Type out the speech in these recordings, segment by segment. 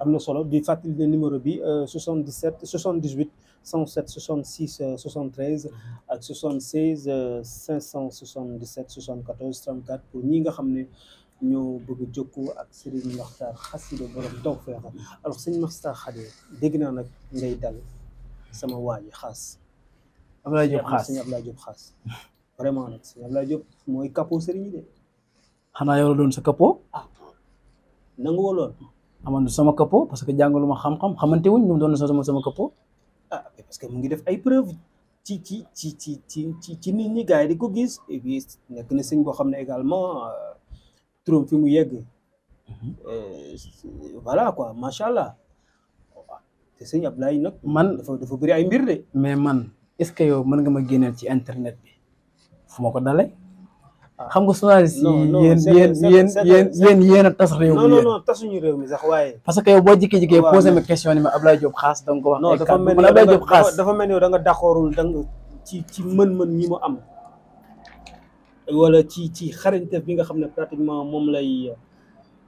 am na solo di fàttali ne numéro bi 77 78 107 66 73 ak 76 577 74 34 pour ñi nga xam ne ñoo bëgg a jokkoo ak Serigne Makhtar Khassida borom tawfeex alors Serigne Makhtar Khadi dégg naa nag ngay dal sama waa ji xaas. Abdoulaye Diop xaas vraiment nag Serigne Abdoulaye Diop mooy capot Serigne de. xanaa yow doon sa capot. Ah, nangu woo amoon na sama capot parce que jàngalu ma xam-xam xamante wuñ ñoom doon na sama sama capot ah parce que mu ngi def ay preuve ci ci ci ci ci ci nit ñi gars yi di ko gis et puis nekk na sëñ boo xam ne également euh, turam fi mu yegg. Mhm. Euh, voilà quoi macha allah. te sëñ ay nag man dafa dafa bëri ay mbir de. mais man est-ce que yow mën nga ma génneel ci internet bi fu ma ko dale xam nga journaliste yi yéen yéen yéen yéen yéen yéen tas réew mi non non tasuñu réew mi sax waaye parce que yow boo jékkee-jékkee posé ma question ni ma Ablaye Diop xaas da nga ko wax non dafa mel ni Ablaye Diop xaas dafa mel ni yow da nga d'accordul ci ci mën-mën ñi mu am wala ci ci xarañteef bi nga xam ne pratiquement moom lay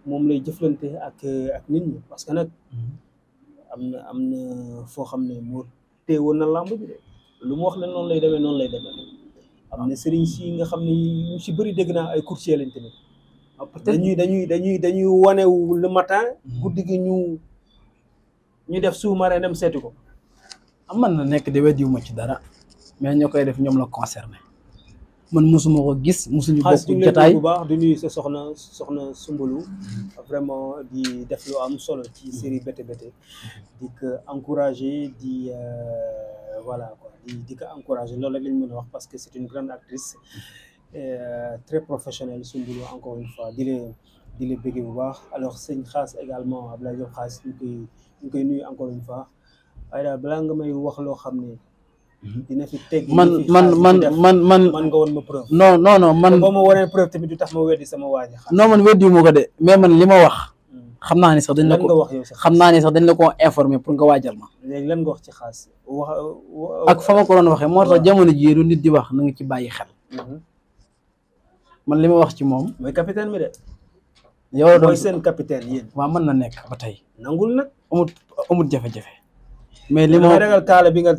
moom lay jëflante ak ak nit ñi parce que nag mhm. am na am na foo xam ne moo teewoon na làmb bi de lu mu wax ne noonu lay demee noonu lay demee am ne sëriñ si nga xam ne si bëri dégg naa ay courtier lañ tamit ah, dañuy dañuy dañuy dañuy wanewu le matin hmm. guddi gi ñu ñu def sous-marin dem seeti ko am ah, man na nekk de weddiwu ma ci dara mais ñoo koy def ñoom la concerné man mosuma ko gis mosuñu bokk jotaay bu baax du nuyu sa soxna soxna Sumbulu hmm. vraiment di def lu am solo ci série bété bété hmm. di ko encourager di euh, voilà di di ko encourager loolu rek lañ mën a wax parce que c'est une grande actrice euh, très professionnelle Soumboulou encore une fois di leen di leen bëggee bu baax alors sëñ Xaas également Abdoulaye Diop Xaas ñu koy ñu koy nuyu encore une fois waaye daal balaa nga may wax loo xam ne. Mhm. dina fi teg man man man man man man nga woon ma preuve. non non non man boo tamit du tax ma weddi sama waa ji. non man weddi moo ko de mais man li ma wax. xam naa ne sax dañ la ko xam naa ne sax dañ la ko informé pour nga waajal ma. léegi lan nga wax ci xaas. wax ak fa ma ko doon waxee moo tax jamono jii nit di wax na nga ci bàyyi xel. Mhm. li ma wax ci moom. mooy capitaine bi yow doon seen capitaine yéen. waaw mën na nekk ba tey. nangul nag amut amut jafe mais li ma ragal kaala bi nga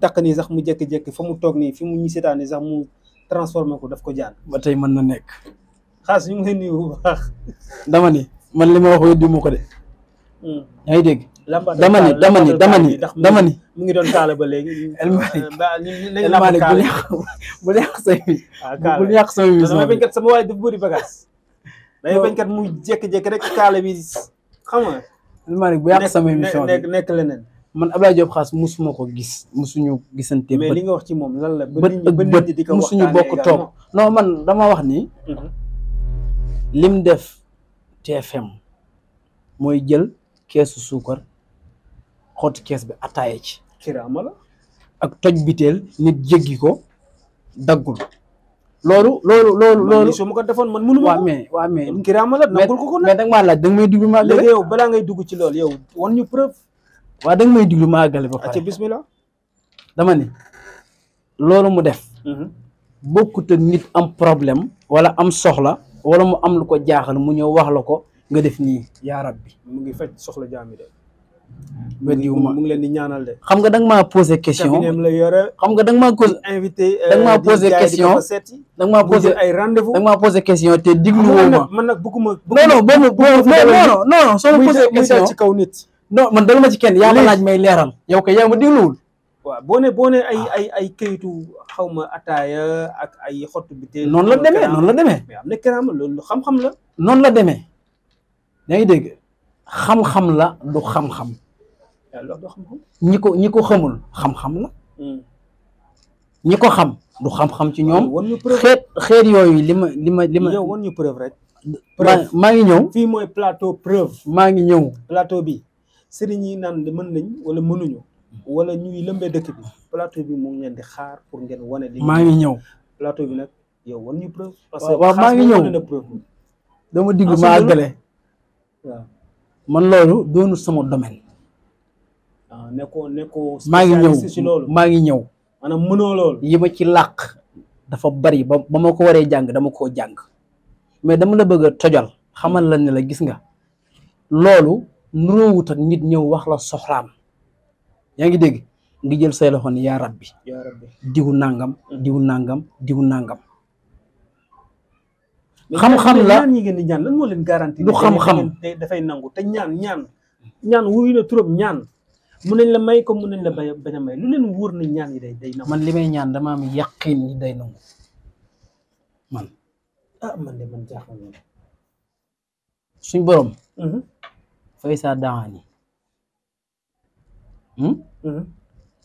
takk nii sax mu jékki-jékki fa mu toog nii fi mu ñu seetaan nii mu transformé ko daf ko jaan. ba tey mën na nekk. xaas ñu ngi lay nuyu dama ni. man li ma wax weddi mu ko de. Hmm. yaa ngi dégg. dama ni dama ni dama ni dama ni. mu ngi doon kaala ba léegi. El Malick euh, bu yàq bu yàq say bi. Ah, bu yàq say bi sama bañkat sama waay daf bëri bagage. day bañkat mu jékki-jékki rek kaala bi xam nga. El bu yàq sama émission bi nekk nekk leneen. man Abdoulaye Diop Khass musuma ko gis musuñu gisante. mais li nga wax ci moom lan la. bët ak bët suñu bokk toog non man dama wax ni. Mhm. lim def. TFM mooy jël keesu suukar xotti kees bi attaaye ci. kiraama la. ak toj biteel nit jéggi ko daggul. loolu loolu loolu loolu su ma ko defoon man mënu ma waaw mais waaw ko ko mais danga maa may diglu ma àggale léegi yow balaa ngay dugg ci loolu yow wan ñu preuve waa danga may diglu ma àggale ba pare acca dama ni loolu mu def mhm. bokkut nit am problème wala am soxla wala mu am lu ko jaaxal mu ñëw wax la ko nga def nii yaa rabbi mu ngi faj soxla jaam yi de mu ngi leen di ñaanal de xam nga da maa posé question la yore xam nga dang nga maa euh, posé invité da nga maa posé question da maa posé ay rendez-vous da question te diglu woo ma man nag bëgguma non non boobu boobu non non non soo ma posé question ci kaw nit man daluma ci kenn yaa ma laaj may leeral yow kay yaa ma digluwul waaw boo ne boo ne ay ay ay këyitu xaw ma ataaya ak ay xottu bi te noonu la demee noonu la demee mais am na keraama xam-xam la noonu la demee yaa ngi dégg xam-xam la du xam-xam ñi ko ñi ko xamul xam-xam la hmm. ñi ko xam du xam-xam ci ñoom xeet xeet yooyu li ma li ma li ma yow wan ñu preuve rek maa ngi ñëw fii mooy plateau preuve maa ngi ñëw plateau bi sëriñ yi naan mën nañ wala mënuñu wala ñuy lëmbee dëkk bi plateau bi mu leen di xaar pour ngeen wane. li maa ngi ñëw plateau bi nag yow war ñu parce que waaw maa ngi ñëw dama digg ma àggale. man loolu doonu sama domaine. ah nekkoo nekkoo. maa ngi ñëw maa ngi ñëw. maanaam mënoo loolu. yi ma ci làq dafa bari ba ba ma ko waree jàng dama koo jàng mais dama la bëgg a tojal xamal la ne la gis nga loolu nuróowut ak nit ñëw wax la soxlaam. yaa ngi dégg ngi jël say loxo ni yaa rabbi diwu nangam diwu nangam diwu nangam xam-xam la yi ngeen di ñaan lan moo leen garanti lu xam-xam dafay nangu te ñaan ñaan ñaan wuyu na trop ñaan mun nañ la may comme mun nañ la bay a may lu leen wóor na ñaan yi day day man li may ñaan dama am yaqin ni day nangu man ah suñ borom mm-hmm. fay saa daani Hmm? Hmm.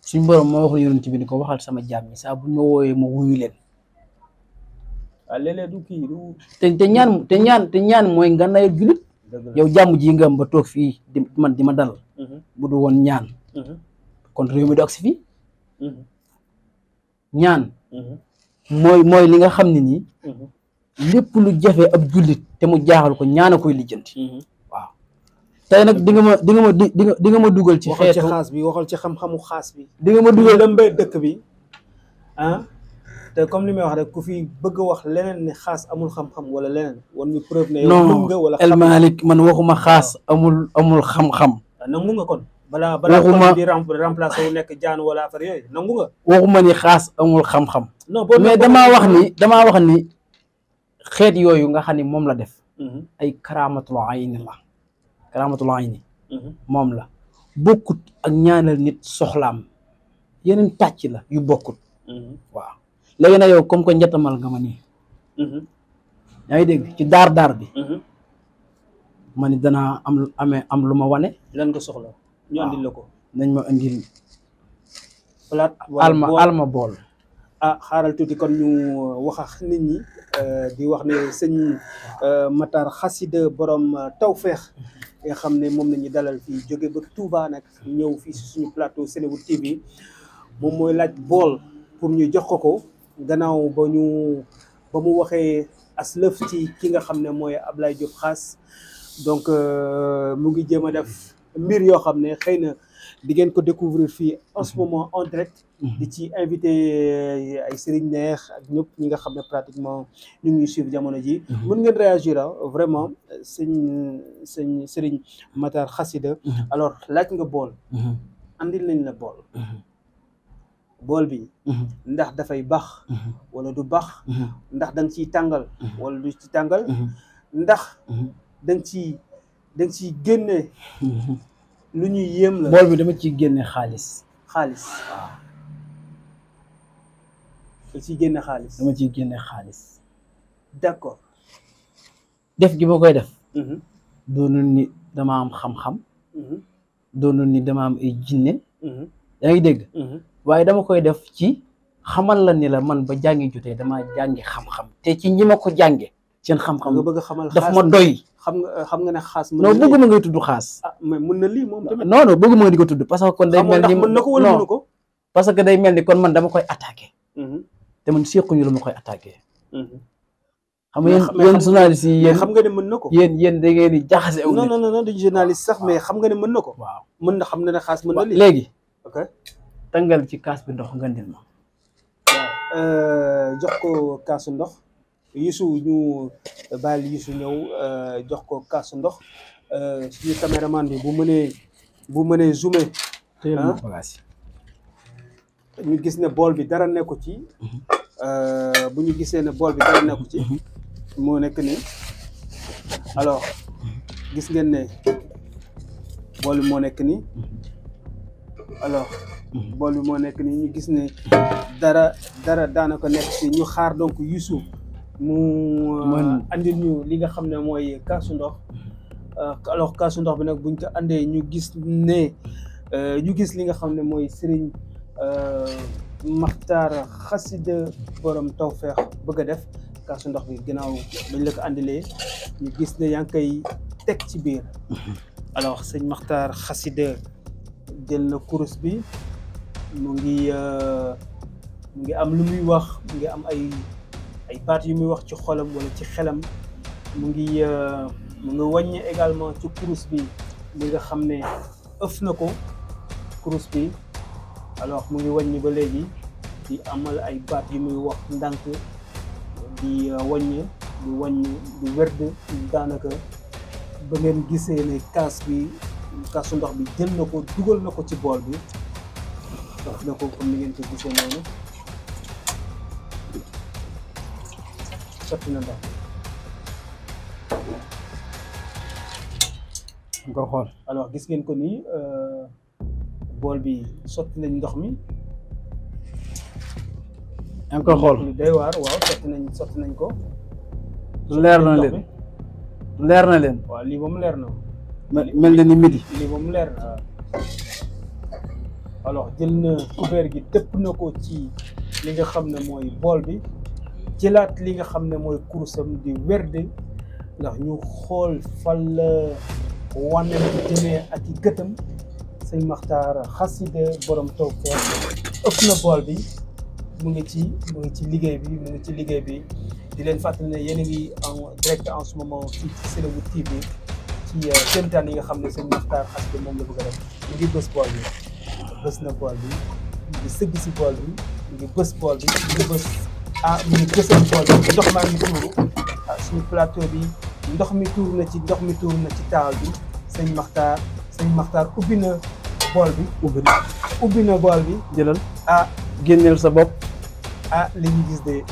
suñu borom moo waxoon yonent bi ni ko waxal sama jaam yi saa bu ñu wooyee ma wuyu leen. waaw ah, léeg-léeg du te ñaan te ñaan mooy nga nawet julit yow jàmm ji nga am ba toog fii di man di ma dal. Hmm. bu du woon ñaan. kon réew mi du agsi fii. ñaan. mooy mooy li nga xam ni nii. lépp lu jafe ab jullit te mu jaaxal ko ñaana a koy lijjanti. tey nag di nga ma di nga ma di nga di nga ma dugal ci xeetu waxal ci xaas bi ci xam-xamu xaas bi di nga ma dugal dem dëkk bi ah te comme li may wax rek ku fi bëgg a wax leneen ni xaas amul xam-xam wala leneen wan ñu preuve ne yow nga wala El Malick xaas amul amul xam-xam ah, nangu nga kon balaa balaa waxuma di remplacer wu nekk jaan wala affaire yooyu nangu nga waxuma ni xaas amul xam-xam non mais damaa wax ni damaa wax ni xeet yooyu nga xam ni moom la def mhm. ay karaamatul ayni la rahmatul ayni mhm. moom la bokkut ak ñaanal nit soxlaam yeneen tàcc la yu bokkut mhm. waaw léegi nag yow comme que njettamal nga ma nii mhm. yaa ngi dégg ci daar daar bi ma ni danaa am amee am lu ma wane lan ko soxla ñu andil la ko nañ ma andil plat alma bool ah xaaral tuuti kon ñu uh, wax ak nit ñi uh, di wax ne sëñ uh, Matar xasida borom tawfeex nga xam ne moom na ñu dalal fi jóge ba Touba nag ñëw fii si suñu plateau Senewood TV moom mooy laaj bool pour ñu jox ko ko gannaaw ba ñu ba mu waxee aslëf ci ki nga xam ne mooy Ablaye Diop xas donc euh, mu ngi jéem a def mbir yoo xam ne xëy na. di ngeen ko découvrir fii en ce mhm. moment en direct mhm. di ci invité euh, ay sëriñ neex ak ñëpp ñi nga xam ne pratiquement ñu ngi ñuy jamono ji mhm. mën ngeen réagir ah vraiment sëñ sëñ sëriñ Matar Xasida alors laaj nga bool andil nañ la bool bool bi ndax dafay baax wala du baax ndax da nga ciy tàngal walla du ci tàngal ndax dang ci ciy da nga ciy génne lu ñuy yéem la bool bi dama ci génne xaalis. xaalis waaw. da ciy génne xaalis. dama ciy génne xaalis. def gi ma koy def. Mhm. doonul ni dama am xam-xam. Mhm. doonul ni dama am ay jinne. Mhm. yaa ngi dégg. waaye dama koy def ci xamal la ni la man ba jàngi jotee dama jànge xam-xam te ci ñi ko jànge seen xam-xam nga bëgg a xamal daf ma doy xam nga xam nga ne xaas non bëgguma ngay tudd xaas ah, mais mën na lii moom tamit non non nga di ko tudd parce que kon day mel ni mën na ko parce que day mel kon man dama koy attaqué mm-hmm. te man sequñu lu ma koy attaqué mm-hmm. xam nga yéen yéen journaliste yi yéen xam nga ne mën na ko yéen yéen da ngeen di jaxase non non non du journaliste sax xam nga ne mën na ko waaw mën na xam na ne xaas mën na lii léegi ok tàngal ci kaas bi ndox nga euh, ko kaasu ndox Youssou ñu euh, bàyyi Youssou ñëw euh, jox ko kaasu ndox euh, suñu caméraman bi bu mënee bu mënee zoomé ñu gis ne bool bi dara nekku ci bu ñu gisee ne bool bi dara nekku ci moo nekk ni alors gis ngeen ne bool bi moo nekk ni alors bool bi moo nekk ni ñu gis ne dara daanaka nekk ci ñu xaar donc Youssou mu euh, andil ñu li nga xam ne mooy kaasu ndox euh, alors kaasu ndox bi nag buñ ko andee ñu gis ne euh, ñu gis li nga xam ne mooy sëriñ Maxtaar xasida borom feex bëgg a def kasu ndox bi gannaaw bañ la ko gis ne yaa ngi koy teg ci biir alors sëñ Maxtaar xasida jël na kurus bi mu ngi mu ngi am lu muy wax mu ngi am ay ay baat yu muy wax ci xolam wala ci xelam mu ngi euh, mu ngi wàññi également ci kurus bi li nga xam ne ëf na ko kurus bi alors mu ngi waññi ba léegi di amal ay baat yu muy wax ndànk di euh, wàññi di wàññi di werd daanaka ba ngeen gisee ne kaas bi kaasu ndox bi jël na ko dugal na ko ci bool bi daf na ko comme ni ngeen ko gisee noonu sotti na ndox nga ko xool alors gis ngeen ko nii euh, bool bi sotti nañ ndox mi yaa ngi xool lu doy waar waaw sotti nañ sotti nañ ko leer na leen leer na leen waaw lii moom leer na mel na ni midi lii moom leer na alors jël na couvert gi tëpp na ko ci li nga xam ne mooy bool bi jëlaat li nga xam ne mooy kurusam di werde ndax ñu xool fal wane jëmee ak i gëtam sëñ Maxtaar xaside borom tawfeex ëpp na bool bi mu ngi ci mu ci liggéey bi mu ngi ci liggéey bi di leen fàttali ne yéen a ngi en direct en ce moment fii ci Senewood TV ci kéemtaan euh, yi nga xam ne sëñ Maxtaar xaside moom la bëgg a def mu bës bool bi bës na bool bi mu ngi sëgg si bool bi mu ngi bës bool bi mu ngi bës ah ñu ngi gis seen tool bi ndox maa ngi tuuru ah suñu plateau bi ndox mi tuur na ci ndox mi tuur na ci taal bi sëñ Maxtaar sëñ Maxtaar ubbi na bool bi. ubbi na bool bi. jëlal ah génneel sa bopp. ah li ñu gis de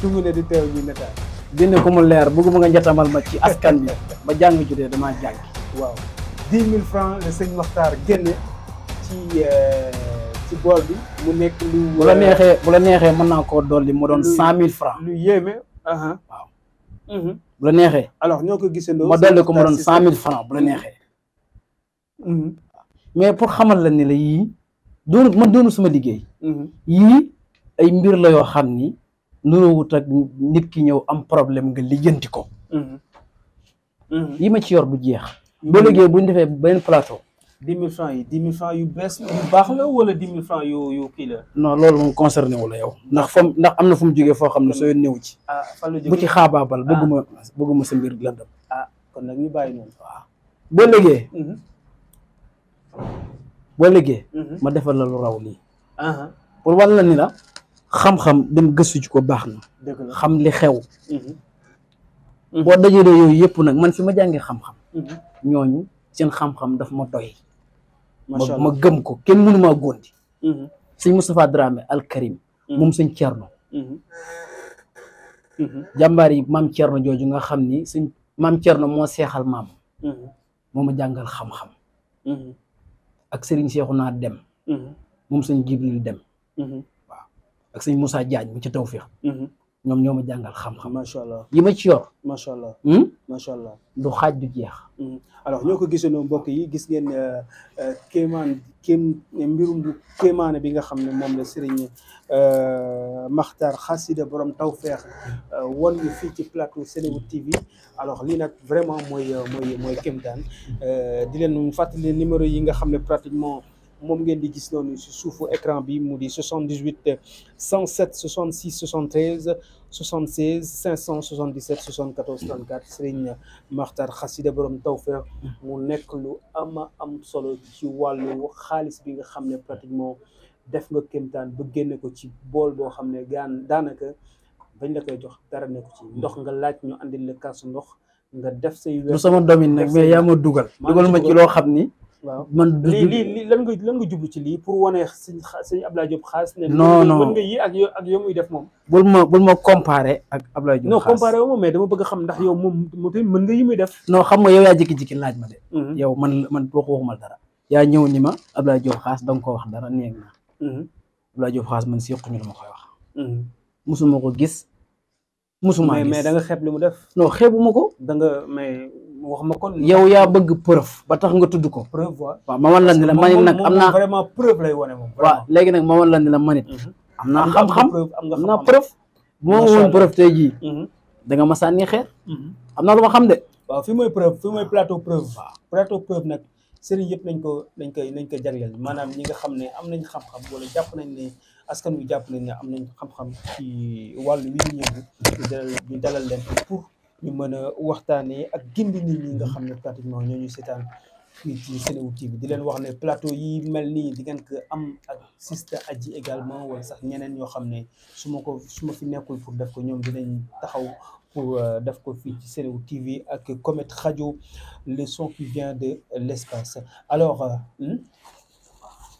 tungu ne di teew ñu nataal. génne ko mu leer bëgguma nga njatamal ma ci askan bi ba jàng jotee damaa jàng. waaw dix mille francs la sëñ Maxtaar génne ci. Euh, ci nekk bu la neexee bu la neexee mën naa koo dolli ma doon cent mille francs. lu yéeme. waaw. Mhm. bu la neexee. alors ñoo ko gisandoo. ma dolli ko ma doon cent mille francs bu la mhm. neexee. Mhm. mais pour xamal la ni la yii doonu man doonu suma liggéey. yii ay mbir la yoo xam ni nuroo wut ak nit ki ñëw am problème nga lijjanti ko. yi ma ci yor bu jeex. boo liggéey bu ñu defee benn plateau. dix mille francs yi dix mille yu bees baax la wala dix mille francs yu kii la. non loolu moom concerné wu la yow ndax fa ndax am na fu mu jógee foo xam ne soo néew ci. ah fan la jógee bu ci xaabaabal ah. bëgguma bëgguma sa mbir lëndam. ah kon nag ñu bàyyi noonu. waaw boo liggéey. Mm-hmm. boo mm-hmm. ma defal la lu raw lii. Uh-huh. pour wàll la ni la xam-xam dem gëstu ci ko baax na. xam li xew. Mm-hmm. boo de yooyu yëpp nag man fi ma jàngee xam-xam. ñooñu seen xam-xam daf ma doy. ma gëm ko kenn mënu maa góondi mhm. sëñ Moustapha Dramé al Karim mhm. moom sëñ Thierno mhm. jàmbaar yi maam Thierno jooju nga xam ni sëñ maam Thierno moo seexal maam moo ma jàngal xam-xam ak sëriñ Seexuna Dem moom sëñ Jibril Dem waaw ak sëñ Moussa Diagne mu ci tawféex ñoom ñoo jàngal xam-xam. macha allah li ma ci yor. macha allah hmm? macha allah. du xaaj du jeex. Hmm. alors ñoo ko gisandoo mbokk yi gis ngeen euh, euh, kéemaan kéem mbirum bu bi nga xam ne moom la Serigne euh, Makhtar Khassida borom feex wan ñu fii ci plateau Senewood TV alors lii nag vraiment mooy mooy mooy kéemtaan di leen fàttali numéro yi nga xam ne pratiquement. moom ngeen di gis noonu si suufu écran bi mu di 78 107 66 73 76 577 74 34 Serigne Makhtar Khassida borom tawfeex mu nekk lu ama am solo ci wàllu xaalis bi nga xam ne pratiquement def nga kéemtaan bu génne ko ci bool boo xam ne gaan daanaka bañ la koy jox dara ne ko ci ndox nga laaj ñu andil la kaasu ndox nga def say. wér du sama domaine nag mais yaa ma dugal. waaw man lii lii lan nga lan ci lii pour wane sëñ sëñ Abdoulaye Diop xaas. ne non non nga yi ak ak yow muy def moom. bul ma bul ma comparé ak Abdoulaye Diop xaas non dama bëgg xam ndax yow moom moom mën nga yi muy def. non xam nga yow yaa jékki-jékki laaj ma de. Mm-hmm. yow man man boo ko waxumal dara. yaa ñëw ni ma Abdoulaye Diop xaas da ko wax dara néeg na. Mm-hmm. Abdoulaye Diop xaas man si yokku ñu la ma koy wax. Mm-hmm. musuma ko gis. musuma gis mais mais da xeeb li mu def. non xeebu ma ko. danga nga wax ma kon yow yaa bëgg preuve ba tax nga tudd ko. preuve waaw ma wan la ni la manit nag am naa vraiment preuve lay wane moom. waaw léegi nag ma wan la ni na manit am mhm. xam-xam am naa preuve bu ma woon preuve tey jii. Mhm. da nga ma sànni xeer. Mhm. am naa lu ma xam de. waaw fi mooy preuve fi mooy plateau preuve. plateau preuve nag sëriñ yëpp nañ ko nañ koy nañ ko jagleel maanaam ñi nga xam ne am nañ xam-xam wala jàpp nañ ne askan wi jàpp nañ ne am nañ xam-xam ci wàllu wi ñu yëngu ñu dalal ñu mën a waxtaanee ak gindi nit ñi nga xam ne pratiquement ñoo ñu seetaan fii ci Senewood TV di leen wax ne plateau yi mel nii di ngeen ko am ak Sista Adji également wala sax ñeneen ñoo xam ne su ma ko su ma fi nekkul pour def ko ñoom dinañ taxaw pour euh, def ko fii ci Senewood TV ak Comet Radio le son qui vient de l'espace alors euh, hmm?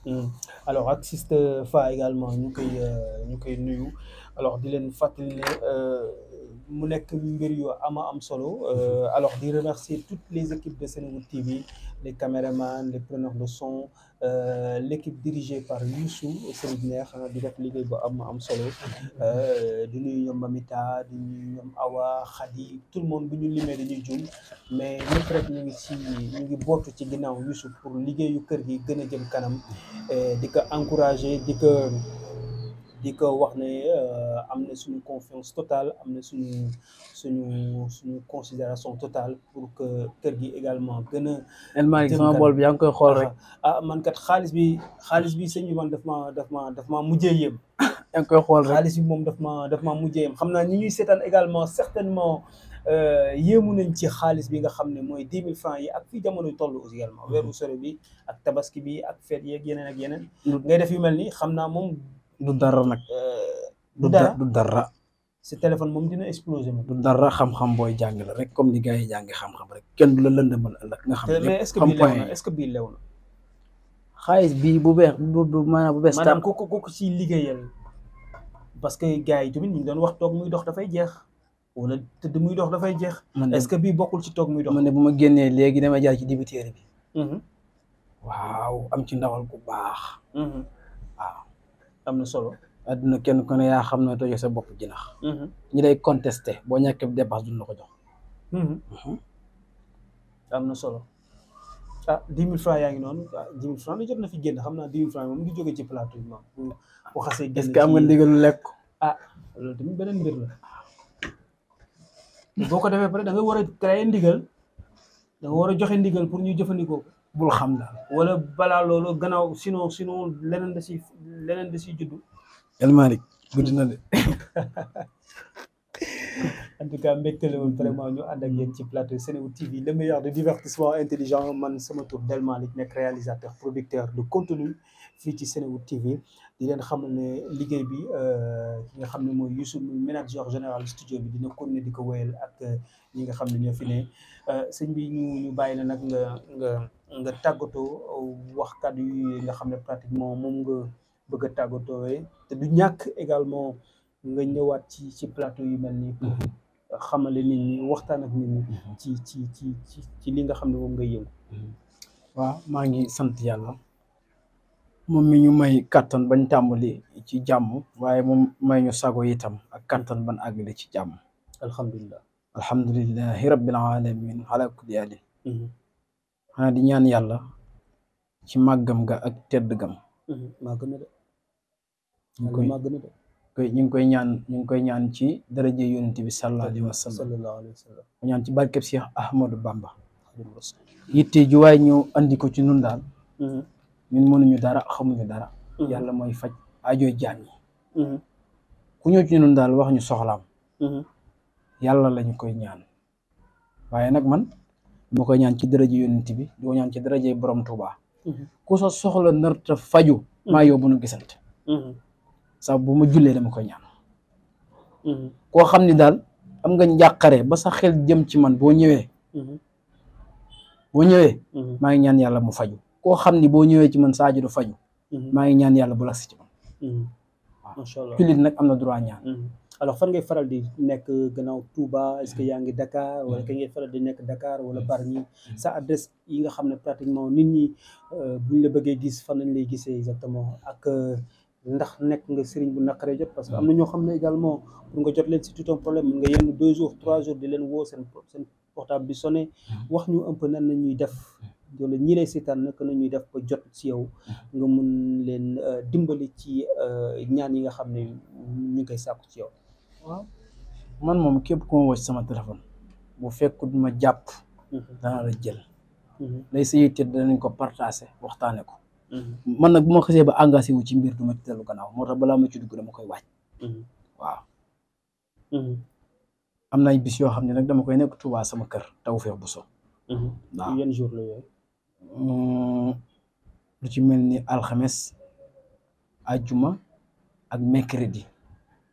Hmm. alors ak Sista Fa également ñu koy euh, ñu koy nuyu alors di leen fàttali ne mu nekk mbir yu ama am solo euh, alors di remercier toutes les équipes de Senewood TV les caméramans les preneurs de son euh, l'équipe dirigée par Youssou Serigne Neex di def liggéey bu am am solo euh, di nuyu ñoom Mamita di nuyu ñoom Awa Khady tout le monde bu ñu limee dañuy juum mais ñëpp rek ñu ngi ci ñu ngi bootu ci ginnaaw Youssou pour liggéeyu kër gi gën a jëm kanam di ko encourager di ko di ko wax ne euh, am na suñu confiance totale am na suñu suñu suñu considération totale pour que kër gi également gën a. El bool bi yaa ngi koy xool rek. ah, ah man xaalis bi xaalis bi sëñ bi man ma daf ma daf ma mujjee yëpp. yaa ngi koy xool rek bi moom daf ma daf ma mujjee yëpp xam naa ñi ñuy seetaan également certainement. Euh, yéemu nañ ci xaalis bi nga xam ne mooy dix mille francs yi ak fii jamono toll aussi également mm-hmm. weeru sore bi ak tabaski bi ak feet yeeg yeneen ak yeneen mm-hmm. ngay def yu mel ni xam naa moom du dara nag. Euh, du dara du dara. si téléphone moom dina exploser moom. du dara xam-xam booy jàng la rek comme ni gars yi jàng xam-xam rek kenn du la lëndëmal ëllëg nga xam euh, ne est-ce que bii xaalis bii bu beex bu bu maanaam bu bees. maanaam ku ku ku siy parce que gars yi tamit ñu doon wax toog muy dox dafay jeex. wala tëdd muy dox dafay jeex. est-ce que bii bokkul ci toog muy dox. man ne bu ma génnee léegi damay jaar ci dibiteeri bi. Mm-hmm. waaw am ci ndawal bu baax. Mm-hmm. am na solo. adduna kenn ku yaa xam na tojee sa bopp jinax. Mm-hmm. ñi day contesté boo ñàkkee dépasse duñ la ko jox. Mm-hmm. Mm-hmm. am na solo ah dix mille francs yaa ngi noonu ah dix mille francs jot na fi génn xam naa dix mille francs moom du jóge ci plateau bi xasee génn est-ce que lekk. ah loolu tamit boo ko defee pare da nga war a traiter ndigal da war a joxe ndigal pour ñu jëfandikoo bul xam daal wala balaa loolu ganaaw sinon sinon leneen da si leneen da siy juddu. El Malick guddi na de. en tout cas mbégte la woon vraiment ñu ànd ak yéen ci plateau Senewood TV le meilleur de divertissement intelligent man sama tur Del Malick nekk réalisateur producteur de contenu fii ci Senewood TV di leen xam ne liggéey bi euh, ki nga xam ne mooy Youssou muy manager général studio bi dina continuer di ko wéyal ak euh, ñi nga xam ne ñoo fi ne euh, sëñ bi ñu ñu bàyyi la nag nga nga. nga tàggatoo uh, waxkat yi nga xam ne pratiquement moom nga bëgg a tàggatoowe te du ñàkk egalement nga ñëwaat ci ci plateau yu mel nii mm-hmm. xamale nit waxtaan ak nit mm-hmm. ci ci ci ci ci li nga xam ne moom nga yëngu mm-hmm. waaw maa ngi sant yàlla moom mi ñu may kàttan bañ tàmbali ci jàmm waaye moom may ñu sago itam ak kàttan ban àggale ci jàmm alhamdulilah alhamdulilahi rabbil alamin ala kulli xanaa di ñaan yàlla ci màggam ga ak tedd gam mhm, màgg na ñu ngi koy màgg na ñu ngi koy ñaan ñu ngi koy ñaan ci daraje yonent bi sallallahu alayhi wa sallam ñaan ci barkeb Cheikh Ahmadou bàmba yitte ju waaye ñu andi ko ci nun daal mhm. ñun mënuñu dara xamuñu dara mhm. yàlla mooy faj ajooy jaam yi ku ñëw ci nun daal wax ñu soxlaam yàlla lañu koy ñaan waaye nag man ma koy ñaan ci daraje yonent bi di ko ñaan ci daraje borom Touba. Mhm. ku sa soxla narta faju mhm. maa yow bu nu gisante mhm. saa bu ma jullee dama ko ñaan koo xam ni daal am nga njàqare ba sa xel jëm ci man boo ñëwee boo ñëwee maa ngi ñaan yàlla mu faju koo xam ni boo ñëwee ci man saaju du faju maa ngi ñaan yàlla bu la si ci man jullit nag am na droit ñaan alors fan ngay faral di nekk gannaaw Touba est-ce que mm-hmm. yaa ngi dakaar mm-hmm. wala ka ngay faral di nekk dakaar wala Bargny mm-hmm. sa adresse yi nga xam ne pratiquement nit ñi euh, buñ la bëggee gis fan lañ lay gisee exactement ak euh, ndax nekk nga sëriñ bu naqaree jot parce que am na ñoo xam ne également pour nga jot leen si tout un problème mën nga yenn deux jours trois jours di leen woo seen seen portable bi sonné wax ñu un peu na ñuy def loolu ñi lay seetaan naka la ñuy def ba jot si yow nga mun leen euh, dimbali ci ñaan yi nga xam ne ñu ngi koy sàkku ci yow. waaw man moom képp ku ma sama téléphone bu fekkut ma jàpp mhm. dana la jël mhm. lay sa yitte danañ ko partagé waxtaane ko mhm. man nag bu ma xasee ba engagé wu ci mbir du ma ci dellu gannaaw moo tax balaa ma ci dugg dama koy waaj am na ay yoo xam ne nag dama koy nekk Touba sama kër Tawfekh Bousso waaw yan jour la mm, ci mel ni alxames ajuma ak mercredi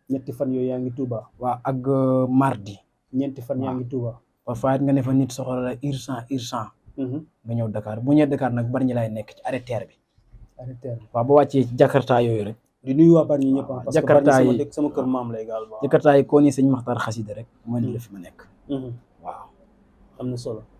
ñetti fan yooyu yaa ngi Touba. waaw ak euh, mardi. ñeenti fan yaa ngi Touba. parfois it nga ne fa nit soxla la urgent urgent. Mhm. nga ñëw Dakar bu ñëwee Dakar nag bari ñi laay nekk ci arrêté bi. arrêté bi waaw ba wàccee ci yooyu rek. di nuyu waa Bargny ñëpp parce que Bargny sama sama kër maam lay gaal waaw Jakarta yi koo nii sëñ Maxtaar Xasida rek. moo indi mhm. la fi ma nekk. Mhm. waaw am na solo.